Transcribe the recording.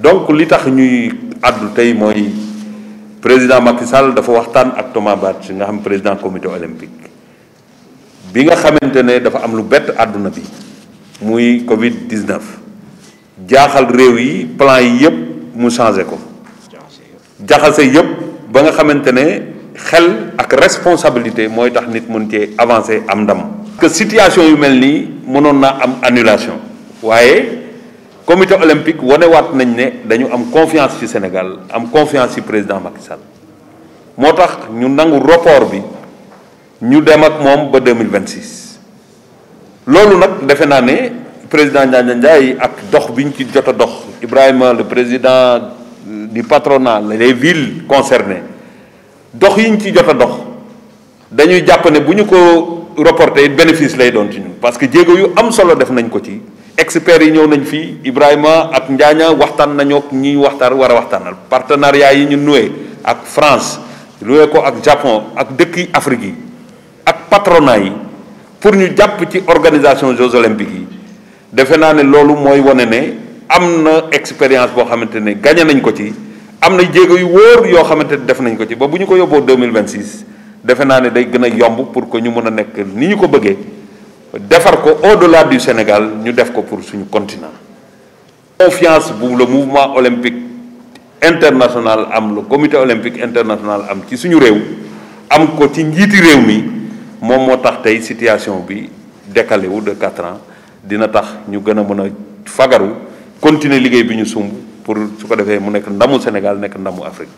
donc li tax ñuy àddu tey mooy président Macky Sall dafa waxtaan ak Thomas nga xam président comité olympique bi nga xamante ne dafa am lu bett àdduna bi muy Covid 19 jaaxal réew yi plan yi yëpp mu changé ko jaxase yëpp ba nga xamante ne xel ak responsabilité mooy tax nit mun cee avancer am ndam. que situation yu mel nii mënoon naa am annulation waaye. comité olympique woné wat nañ né dañu am confiance ci Sénégal am confiance ci président Macky Sall motax ñu nangu report bi ñu dem ak mom ba 2026 lolu nak défé na né président Ndiaye Ndiaye ak dox biñ ci jotta dox Ibrahima le président euh, du patronat les villes concernées dox yiñ ci jotta dox dañuy japp né buñu ko reporter bénéfice lay don ci ñun parce que Diego yu am solo def nañ ko ci experts yi ñëw nañ fii Ibrahima ak Njaaña waxtaan nañoo ak ñi waxtaan war a waxtaanal partenariat yi ñu noué ak France noué ko ak Japon ak dëkki Afrique yi ak patronat yi pour ñu jàpp ci organisation Jeux olympiques yi defe naa ne loolu mooy wane ne am na expérience boo xamante ne gagné nañ ko ci am na jéego yu wóor yoo xamante ne def nañ ko ci ba bu ñu ko yóbboo 2026 defe naa ne day gën a yomb pour que ñu mën a nekk ni ñu ko bëggee ko au-delà du Sénégal nous def ko pour suñu continent confiance pour le mouvement olympique international am le comité olympique international am ci suñu réew am ko ci mi situation bi décalé de 4 ans dina tax ñu continuer liggéey bi pour su ko défé mu Sénégal nek ndamu Afrique